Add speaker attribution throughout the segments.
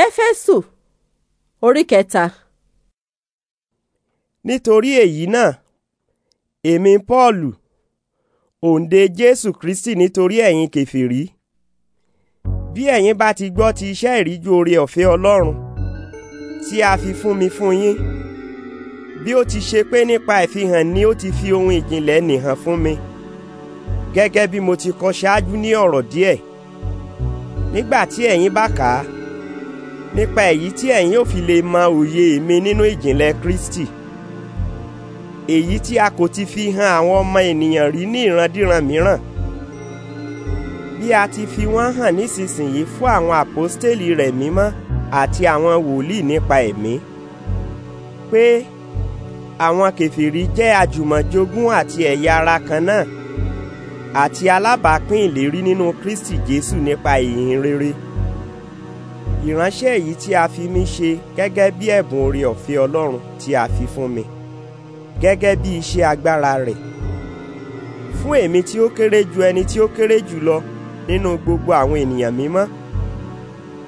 Speaker 1: éfésù orí kẹta. nítorí èyí náà èmi pọ́ọ̀lù òǹdè jésù kristi nítorí ẹ̀yin kèfèrí bí ẹ̀yin bá ti gbọ́ ti iṣẹ́ ìríjú oore ọ̀fẹ́ ọlọ́run tí a fi fún mi fún yín bí ó ti ṣe pé nípa ìfihàn ni ó ti fi ohun ìjìnlẹ̀ nìhàn fún mi gẹ́gẹ́ bí mo ti kọ ṣáájú ní ọ̀rọ̀ díẹ̀ nígbà tí ẹ̀yin bá kà á nípa èyí tí ẹ̀yin ó fi lè mọ òye èmi nínú ìjìnlẹ̀ Kristi èyí tí a kò ti fi hàn àwọn ọmọ ènìyàn rí ní ìrandíran mìíràn bí a ti fi wọ́n hàn nísinsìnyí fún àwọn àpọ́stélì rẹ̀ mímọ́ àti àwọn wòlíì nípa ẹ̀mí pé àwọn kèfèrí jẹ́ àjùmọ̀jogún àti ẹ̀yà ara kan náà àti alábàápín ìlérí nínú Kristi Jésù nípa ìyìn rere ìránṣẹ́ èyí tí a fi mí ṣe gẹ́gẹ́ bí ẹ̀bùn oore ọ̀fẹ́ Ọlọ́run tí a fi fún mi gẹ́gẹ́ bí iṣẹ́ agbára rẹ̀ fún èmi tí ó kéré ju ẹni tí ó kéré jù lọ nínú gbogbo àwọn ènìyàn mímọ́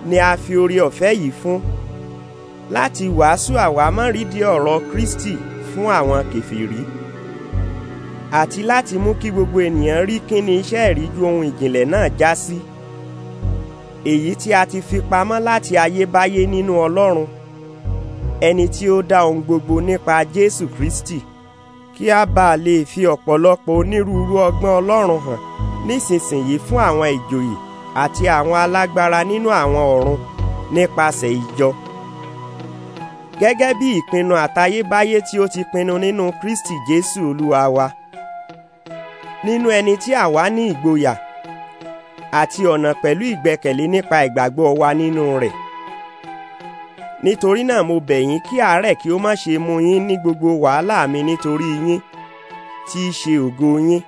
Speaker 1: ni a fi oore ọ̀fẹ́ yìí fún láti wàásù àwámọ́rídìí ọ̀rọ̀ Kristi fún àwọn kèfèrí àti láti mú kí gbogbo ènìyàn rí kíni iṣẹ́ ìríjú ohun ìjìnlẹ̀ náà já sí. Si èyí tí a ti fi pamọ́ láti ayébáyé nínú Ọlọ́run ẹni tí ó dá ohun gbogbo nípa Jésù Kristi kí a bá lè fi ọ̀pọ̀lọpọ̀ onírúurú ọgbọ́n Ọlọ́run hàn nísinsìnyí fún àwọn ìjòyè àti àwọn alágbára nínú àwọn ọ̀run nípasẹ̀ ìjọ gẹ́gẹ́ bí ìpinnu àtayébáyé tí ó ti pinnu nínú Kristi Jésù Olúwa wa nínú ẹni tí àwa ní ìgboyà àti ọ̀nà pẹ̀lú ìgbẹ́kẹ̀lé nípa ìgbàgbọ́ wa nínú rẹ̀. nítorí náà mo bẹ̀ yín kí àárẹ̀ kí ó má ṣe mú yín ní gbogbo wàhálà mi nítorí yín tí í ṣe ògo yín.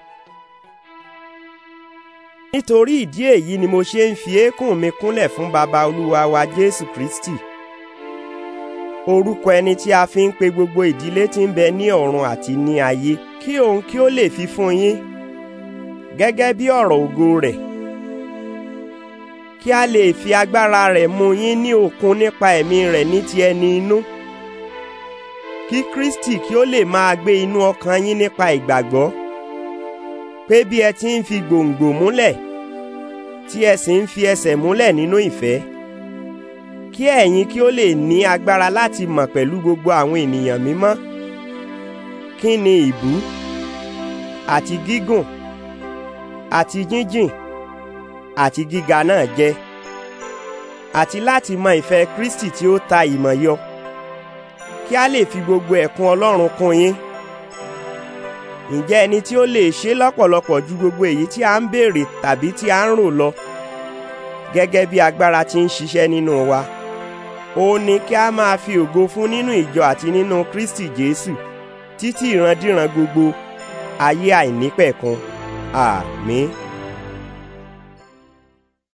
Speaker 1: nítorí ìdí èyí ni mo ṣe ń fi eékún mi kúnlẹ̀ fún baba olúwa wa Jésù Kristi orúkọ ẹni tí a fi ń pe gbogbo ìdílé tí ń bẹ ní ọ̀run àti ní ayé kí òun kí ó lè fi fún yín gẹ́gẹ́ bí ọ̀rọ̀ ògo rẹ̀ kí a lè fi agbára rẹ̀ mú yín ní òkun nípa ẹ̀mí rẹ̀ ní ti ẹni inú kí Kristi kí ó lè máa gbé inú ọkàn yín nípa ìgbàgbọ́ pé bí ẹ ti ń fi gbòǹgbò múlẹ̀ tí ẹ sì ń fi ẹsẹ̀ múlẹ̀ nínú ìfẹ́ kí ẹ̀yin kí ó lè ní agbára láti mọ̀ pẹ̀lú gbogbo àwọn ènìyàn mímọ́ kí ni ìbú àti gígùn àti jíjìn àti gíga náà jẹ́ àti láti mọ ìfẹ́ Kristi tí ó ta ìmọ̀ yọ kí a lè fi gbogbo ẹ̀kún Ọlọ́run kún yín ǹjẹ́ ẹni tí ó lè ṣe lọ́pọ̀lọpọ̀ ju gbogbo èyí tí a ń béèrè tàbí tí a ń rò lọ gẹ́gẹ́ bí agbára ti ń ṣiṣẹ́ nínú wa ó ní kí a máa fi ògo fún nínú ìjọ àti nínú Kristi Jésù títí ìrandíran gbogbo ayé àìnípẹ̀kun àmín. Ah,